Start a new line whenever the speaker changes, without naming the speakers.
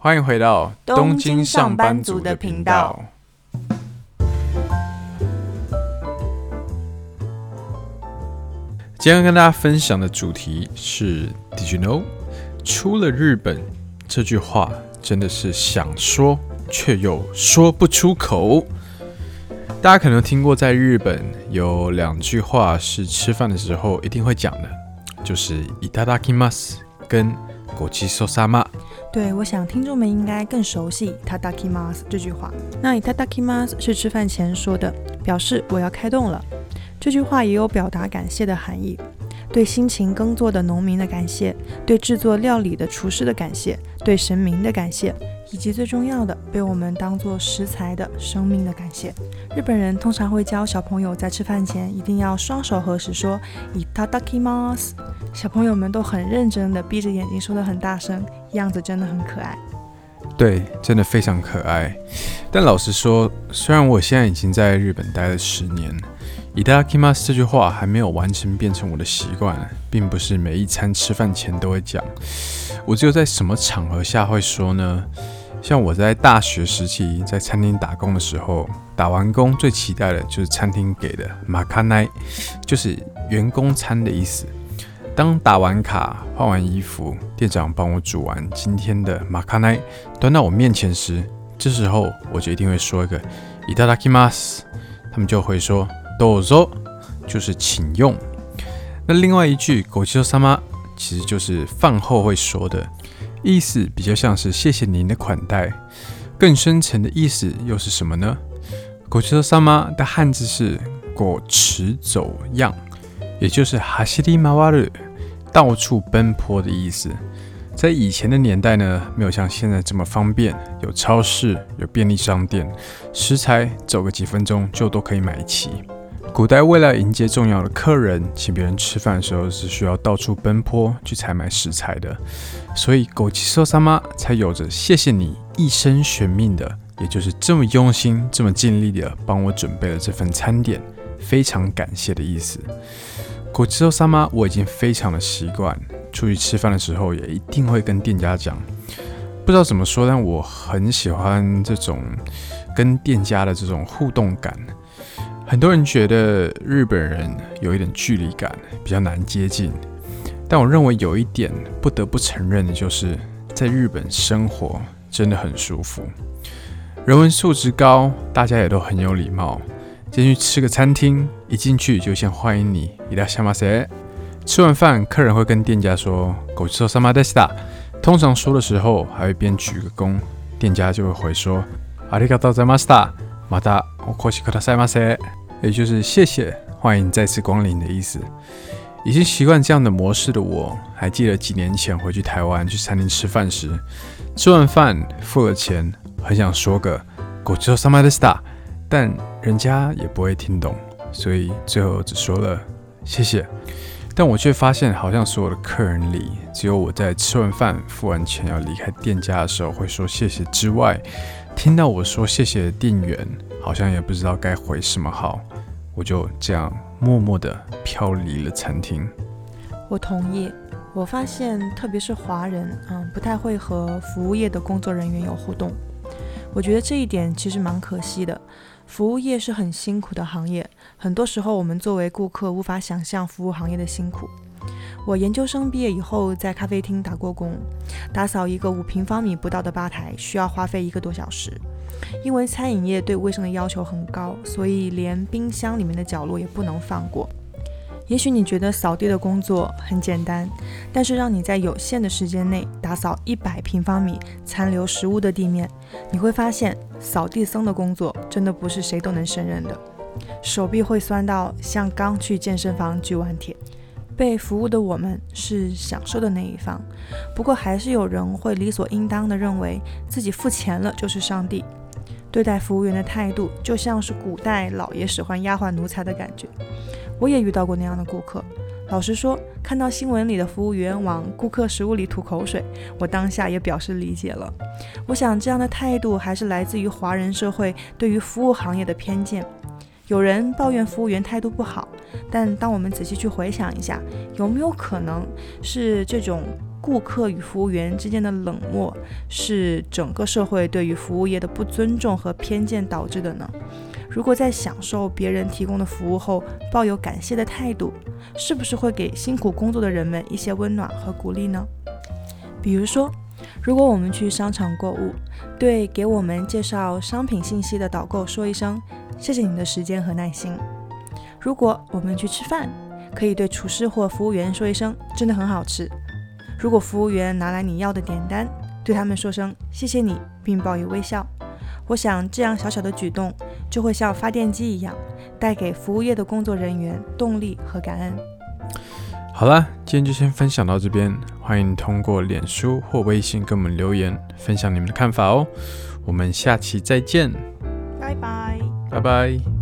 歡迎回到東京上班族的頻道。今天跟大家分享的主題是 “Did you know？” 出了日本，這句話真的是想說卻又說不出口。大家可能聽過，在日本有兩句話是吃飯的時候一定會講的，就是“いただきます”跟“ごちそうさ
對，我想聽眾們應該更熟悉いただきます這句話。那いただきます是吃飯前說的，表示我要開動了。這句話也有表達感謝的含義，對辛勤耕作的農民的感謝，對制作料理的廚師的感謝，對神明的感謝，以及最重要的被我們當做食材的生命的感謝。日本人通常會教小朋友在吃飯前一定要雙手合十說いただきます。小朋友們都很認真地閉着眼睛，說得很大聲，樣子真的很可愛。
對，真的非常可愛。但老實說，雖然我現在已經在日本待了十年，“いただきます”這句話還沒有完全變成我的習慣，並不是每一餐吃飯前都會講。我只有在什麼場合下會說呢？像我在大學時期在餐廳打工的時候，打完工最期待的就是餐廳給的“マカナイ”，就是員工餐的意思。當打完卡、換完衣服，店長幫我煮完今天的馬卡奈，端到我面前時，這時候我就一定會說一個 itadakimasu，他們就會說 douzo，就是請用。那另外一句 gochisousama，其實就是飯後會說的意思，比較像是謝謝您的款待。更深層的意思又是什麼呢？gochisousama 的漢字是“果持走樣”，也就是“哈西里馬瓦魯”。到處奔波的意思。在以前的年代呢，沒有像現在這麼方便，有超市，有便利商店，食材走個幾分鐘就都可以買齊。古代為了迎接重要的客人，請別人吃飯的時候是需要到處奔波去採買食材的，所以ごちそうさま才有着謝謝你一生懸命的，也就是這麼用心，這麼盡力的幫我準備了這份餐點，非常感謝的意思。我知道，三媽，我已經非常的習慣，出去吃飯的時候也一定會跟店家講。不知道怎麼說，但我很喜歡這種跟店家的這種互動感。很多人覺得日本人有一點距離感，比較難接近，但我認為有一點不得不承認的就是，在日本生活真的很舒服，人文素質高，大家也都很有禮貌。先去吃個餐廳。一進去就先歡迎你，いらっしゃいませ。吃完飯，客人會跟店家說“ごちそうさまでした”，通常說的時候還會邊鞠個躬，店家就會回說“ありがとうございました。またお越しくださいませ”，也就是謝謝歡迎再次光臨的意思。已經習慣這樣的模式的我，還記得幾年前回去台灣去餐廳吃飯時，吃完飯付了錢，很想說個“ごちそうさまでした”，但人家也不會聽懂。所以最後只說了謝謝，但我卻發現，好像所有的客人裡，只有我在吃完飯、付完錢要離開店家的時候會說謝謝之外，聽到我說謝謝的店員，好像也不知道該回什麼好。我就這樣默默的飄離了餐廳。
我同意，我發現特別是華人，嗯，不太會和服務業的工作人員有互動。我覺得這一點其實蠻可惜的。服務業是很辛苦的行業，很多時候我們作為顧客無法想象服務行業的辛苦。我研究生畢業以後在咖啡廳打過工，打掃一個五平方米不到的吧台需要花費一個多小時。因為餐飲業對衛生的要求很高，所以連冰箱裡面的角落也不能放過。也許你覺得掃地的工作很簡單，但是讓你在有限的時間內打掃一百平方米殘留食物的地面，你會發現掃地僧的工作真的不是誰都能勝任的，手臂會酸到像剛去健身房舉完鐵。被服務的我們是享受的那一方，不過還是有人會理所應當地認為自己付錢了就是上帝，對待服務員的態度就像是古代老爺使喚丫鬟奴才的感覺。我也遇到過那樣的顧客。老實說，看到新聞裡的服務員往顧客食物裡吐口水，我當下也表示理解了。我想，這樣的態度還是來自於華人社會對於服務行業的偏見。有人抱怨服務員態度不好，但當我們仔細去回想一下，有沒有可能是這種顧客與服務員之間的冷漠，是整個社會對於服務業的不尊重和偏見導致的呢？如果在享受別人提供的服務後抱有感謝的態度，是不是會給辛苦工作的人們一些溫暖和鼓勵呢？比如說，如果我們去商場購物，對給我們介紹商品信息的導購說一聲“謝謝你的時間和耐心”；如果我們去吃飯，可以對廚師或服務員說一聲“真的很好吃”；如果服務員拿來你要的點單，對他們說聲“謝謝你”並報以微笑。我想這樣小小的舉動，就會像發電機一樣，帶給服務業的工作人員動力和感恩。
好了，今天就先分享到這邊，歡迎通過臉書或微信給我們留言，分享你們的看法哦。我們下期再見，拜拜，拜拜。